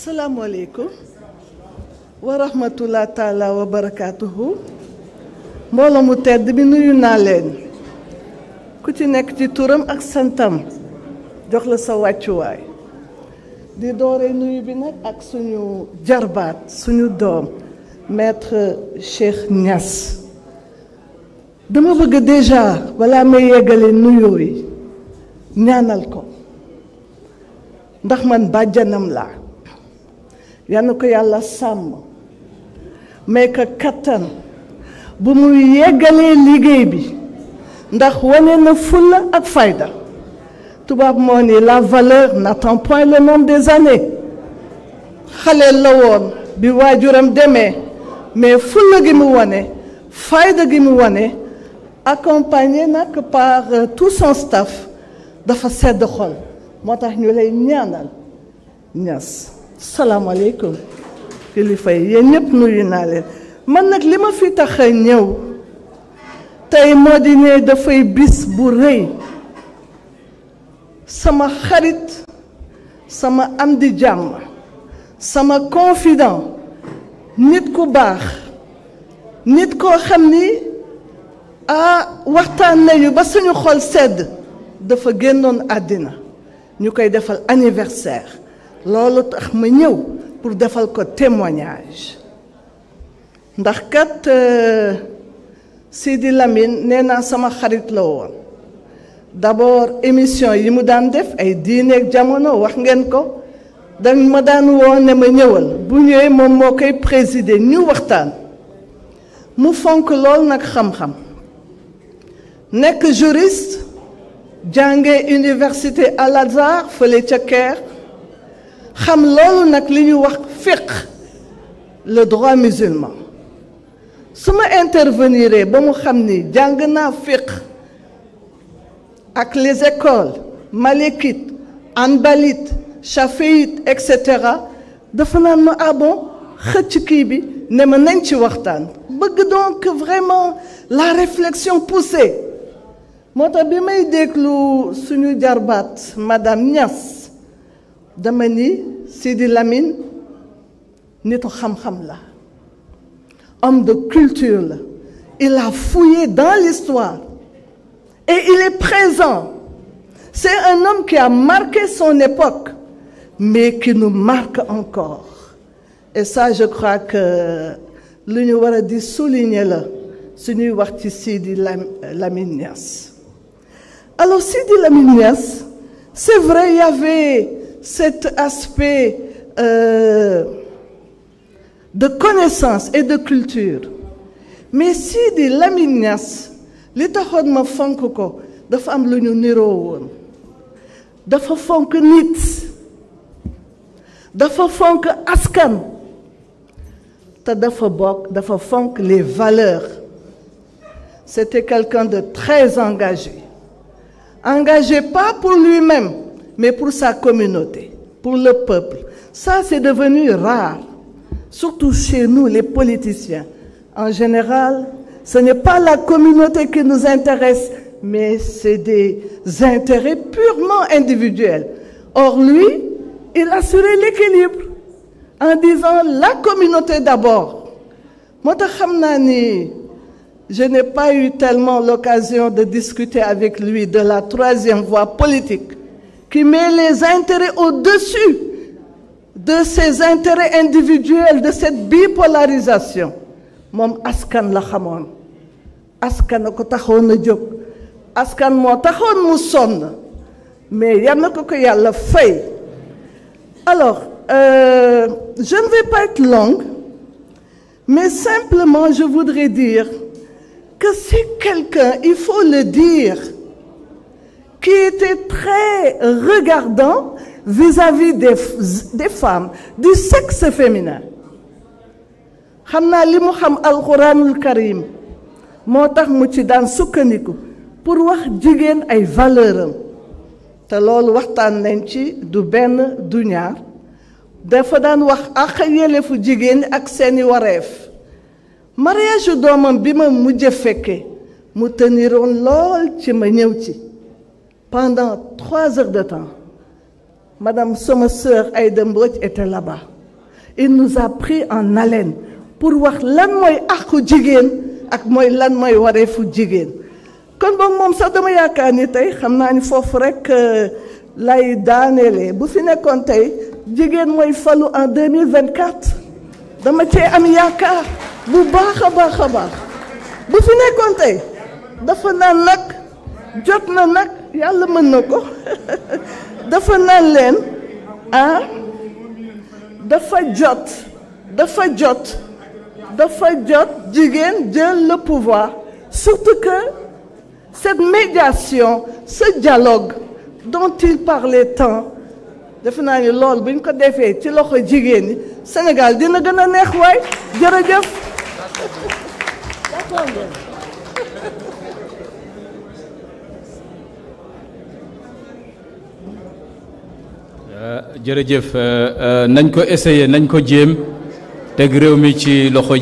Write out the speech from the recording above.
salaamaaleykum wa rahmatullah taala wa barakaatuhu mbooloo mu tedd bi nuyu naa leen ku ci nekk ci turam ak santam jox la sa wàccuwaay di doore nuyu bi nag ak suñu jarbaat suñu doom maître Cheikh Niass dama bëgg déjà balaa may yeggale nuyoo yi ñaanal ko ndax man bàjjanam laa yal ko yàlla sàmm may ko kattan bu mu yeggalee liggéey bi ndax wane na fulla ak fayda tubaab moo ni la valeur n'attend point le nombre des années xale la woon bi waajuram demee mais fulla gi mu wane fayda gi mu wane accompagné nag par euh, tout dafa sedd xol moo tax ñu lay ñaanal ñas salaamaaleykum kilifa yi yéen ñëpp nuyu naa leen man nag li ma fi tax a ñëw tey moo di ne dafay bis bu rëy sama xarit sama am di jàmm sama confident nit ku baax nit koo xam ni ah waxtaan nañu ba suñu xol sedd dafa génnoon àddina ñu koy defal anniversaire loolu tax ma ñëw pour defal ko témoignage ndax kat euh, di Lamine nee naa sama xarit la woon d'abord émission yi mu daan def ay diineeg jamono wax ngeen ko dañ ma daan woo ne ma ñëwal bu ñëwee moom moo koy présider ñu waxtaan mu fonk lool nag xam-xam nekk juriste jànge université Al Azhar fële ca ker xam loolu nag li ñuy wax fiqh le droit musulman su ma intervenir ba mu xam ni jàng naa fiqh ak les écoles malikite hanbalite chaféite et dafa naan ma abon ah xëcc kii bi ne ma nañ ci waxtaan bëgg donc vraiment la réflexion poussée moo tax bi may déglu suñu jarbaat madame Niass dama ni Sidi lamin nitu xam la homme de culture la il a fouillé dans l'histoire et il est présent c'est un homme qui a marqué son époque mais qui nous marque encore et ça je crois que lu ñu war a di souligner la suñuy wax ci Sidi Lamine Niass alors Sidi Lamine Niass c'est vrai il y avait cet aspect euh, de connaissance et de culture mais sii di Lamine Niass li taxoon ma fonk ko dafa am lu ñu niroo woon dafa fonk nit dafa fonk askan te dafa bokk dafa fonk les valeurs c'était quelqu'un de très engagé engagé pas pour lui-même mais pour sa communauté, pour le peuple. Ça, c'est devenu rare, surtout chez nous, les politiciens. En général, ce n'est pas la communauté qui nous intéresse, mais c'est des intérêts purement individuels. Or, lui, il assurait l'équilibre en disant la communauté d'abord. Je n'ai pas eu tellement l'occasion de discuter avec lui de la troisième voie politique qui met les intérêts au-dessus de ses intérêts individuels de cette bipolarisation moom askan la xamoon askan a ko taxoon a jóg askan moo taxoon mu sonn mais yal na ko ko yàlla fay alors euh, je ne vais pas être longue mais simplement je voudrais dire que si quelqu'un il faut le dire qui était très regardant vis-à-vis des, des femmes du sexe féminin xam naa li mu xam alxuraanul karim moo tax mu ci daan sukkandiku pour wax jigéen ay valeur te loolu waxtaan nañ ci du benn du ñaar dafa daan wax ak yelleefu jigéen ak seeni wareef mariage doomam bi ma mujj fekke mu teniroon lool ci ma ñëw ci Pendant trois heures de temps, Madame Sommerseur Aydembroch était là-bas. Il nous a pris en haleine pour wax lan mooy àqu jigéen ak mooy lan mooy wareefu jigéen kon boobu moom sax dama yaakaar ni tey xam naa ni foofu rek euh, lay daanelee bu fi nekkoon tey jigéen mooy falu en 2024 dama cee am yaakaar bu baax a baax a baax bu fi nekkoon tey dafa naan nag jot na nag yàlla mën na ko dafa naan leen ah dafa jot dafa jot dafa jot jigéen jël le pouvoir surtout que cette médiation ce dialogue dont il parlait tant defe naa ni loolu bu ñu ko defee ci loxo jigéen yi Sénégal dina gën a neex waay jërëjëf. jërëjëf euh, euh, nañ ko essayer nañ ko jéem teg réew mi ci loxo